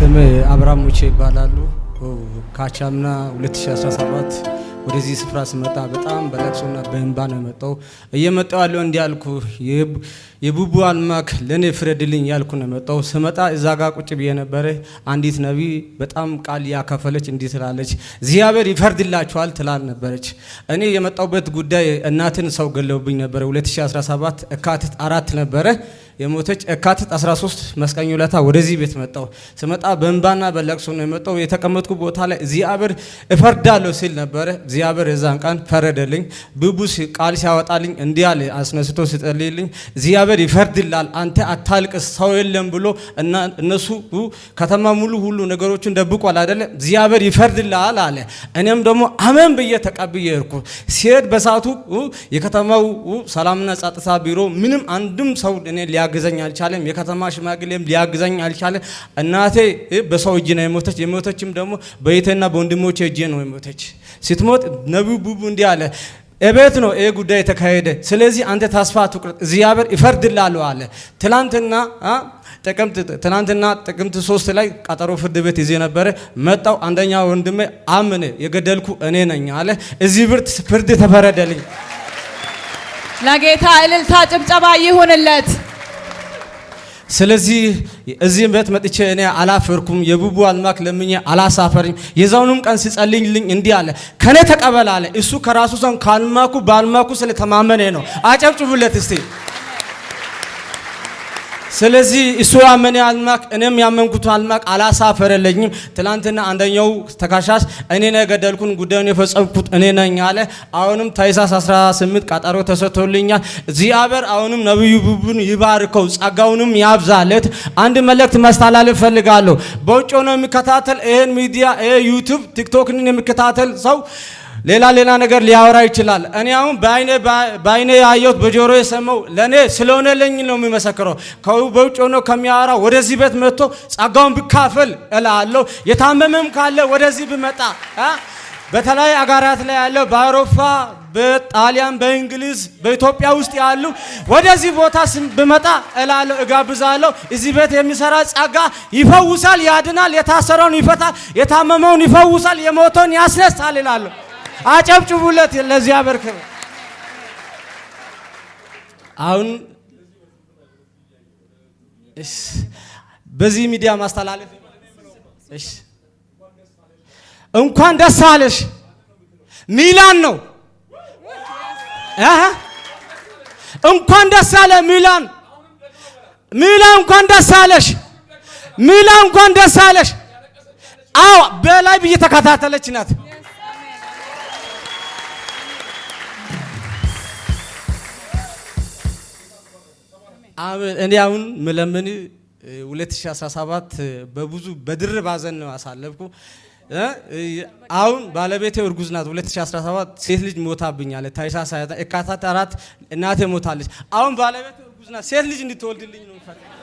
ስም አብርሃም ሙቼ ይባላሉ። ካቻምና 2017 ወደዚህ ስፍራ ስመጣ በጣም በለቅሶና በእንባ ነው የመጣው። እየመጣው ያለው እንዲያልኩ የቡቡ አልማክ ለእኔ ፍረድልኝ ያልኩ ነው የመጣው። ስመጣ እዛ ጋር ቁጭ ብዬ ነበረ። አንዲት ነቢ በጣም ቃል ያከፈለች እንዲህ ትላለች፣ እግዚአብሔር ይፈርድላችኋል ትላል ነበረች። እኔ የመጣውበት ጉዳይ እናትን ሰው ገለውብኝ ነበረ። 2017 እካትት አራት ነበረ የሞተች እካትት 13 መስቀኝ ለታ ወደዚህ ቤት መጣው። ስመጣ በእንባና በለቅሶ ነው የመጣው። የተቀመጥኩ ቦታ ላይ እግዚአብሔር እፈርዳለሁ ሲል ነበረ። እግዚአብሔር የዛን ቀን ፈረደልኝ። ብቡስ ቃል ሲያወጣልኝ እንዲህ አለ አስነስቶ ሲጸልይልኝ እግዚአብሔር ይፈርድላል፣ አንተ አታልቅስ፣ ሰው የለም ብሎ እነሱ ከተማ ሙሉ ሁሉ ነገሮችን ደብቋል አይደለ? እግዚአብሔር ይፈርድላል አለ። እኔም ደግሞ አመን ብዬ ተቀብዬ እርኩ ሲሄድ በሳቱ የከተማው ሰላምና ጸጥታ ቢሮ ምንም አንድም ሰው እኔ ሊያግዘኝ አልቻለም። የከተማ ሽማግሌም ሊያግዘኝ አልቻለም። እናቴ በሰው እጅ ነው የሞተች። የሞተችም ደግሞ በይቴና በወንድሞቼ እጅ ነው የሞተች። ስትሞት ነቢዩ ቡቡ እንዲህ አለ እቤት ነው ይህ ጉዳይ የተካሄደ። ስለዚህ አንተ ተስፋ አትቁረጥ፣ እግዚአብሔር ይፈርድልሃል አለ። ትናንትና ጥቅምት ትናንትና ጥቅምት ሶስት ላይ ቀጠሮ ፍርድ ቤት ይዜ ነበረ። መጣው አንደኛ ወንድሜ አምነ የገደልኩ እኔ ነኝ አለ። እዚህ ብርት ፍርድ ተፈረደልኝ። ለጌታ እልልታ ጭብጨባ ይሁንለት። ስለዚህ እዚህም ቤት መጥቼ እኔ አላፈርኩም። የቡቡ አልማክ ለምኜ አላሳፈርኝ። የዛውንም ቀን ሲጸልይልኝ እንዲህ አለ፣ ከኔ ተቀበል አለ። እሱ ከራሱ ሰው ከአልማኩ በአልማኩ ስለተማመነ ነው። አጨብጭቡለት እስቲ። ስለዚህ እሱ ያመነ አልማክ እኔም ያመንኩት አልማክ አላሳፈረለኝም። ትላንትና አንደኛው ተካሻሽ እኔ ነኝ የገደልኩን ጉዳዩን የፈጸምኩት እኔ ነኝ አለ። አሁንም ታኅሳስ 18 ቀጠሮ ተሰጥቶልኛል። እግዚአብሔር አሁንም ነብዩ ቡቡን ይባርከው፣ ጸጋውንም ያብዛለት። አንድ መልእክት ማስተላለፍ ፈልጋለሁ። በውጭ ሆኖ የሚከታተል ይሄን ሚዲያ ይሄ ዩቲዩብ ቲክቶክን የሚከታተል ሰው ሌላ ሌላ ነገር ሊያወራ ይችላል። እኔ አሁን በአይኔ ያየሁት በጆሮ የሰማው ለእኔ ለኝ ነው የሚመሰክረው። በውጭ ሆኖ ከሚያወራ ወደዚህ ቤት መጥቶ ጸጋውን ብካፈል እላለሁ። የታመመም ካለ ወደዚህ ብመጣ በተለይ አጋራት ላይ ያለው በአውሮፓ፣ በጣሊያን፣ በእንግሊዝ፣ በኢትዮጵያ ውስጥ ያሉ ወደዚህ ቦታ ብመጣ እላለሁ፣ እጋብዛለሁ። እዚህ ቤት የሚሰራ ጸጋ ይፈውሳል፣ ያድናል፣ የታሰረውን ይፈታል፣ የታመመውን ይፈውሳል፣ የሞተውን ያስነሳል እላለሁ። አጨብጭቡለት ለዚህ ክብር። አሁን በዚህ ሚዲያ ማስተላለፍ እንኳን ደስ አለሽ ሚላን ነው። እንኳን ደስ አለ ሚላን ሚላን፣ እንኳን ደስ አለሽ ሚላን፣ እንኳን ደስ አለሽ። አዎ በላይ ብዬ ተከታተለች ናት እኔ አሁን ምለምን 2017 በብዙ በድር ባዘን ነው አሳለፍኩ። አሁን ባለቤቴ እርጉዝ ናት። 2017 ሴት ልጅ ሞታብኛለች። ታይሳሳ የካቲት አራት እናቴ ሞታለች። አሁን ባለቤቴ እርጉዝ ናት። ሴት ልጅ እንድትወልድልኝ ነው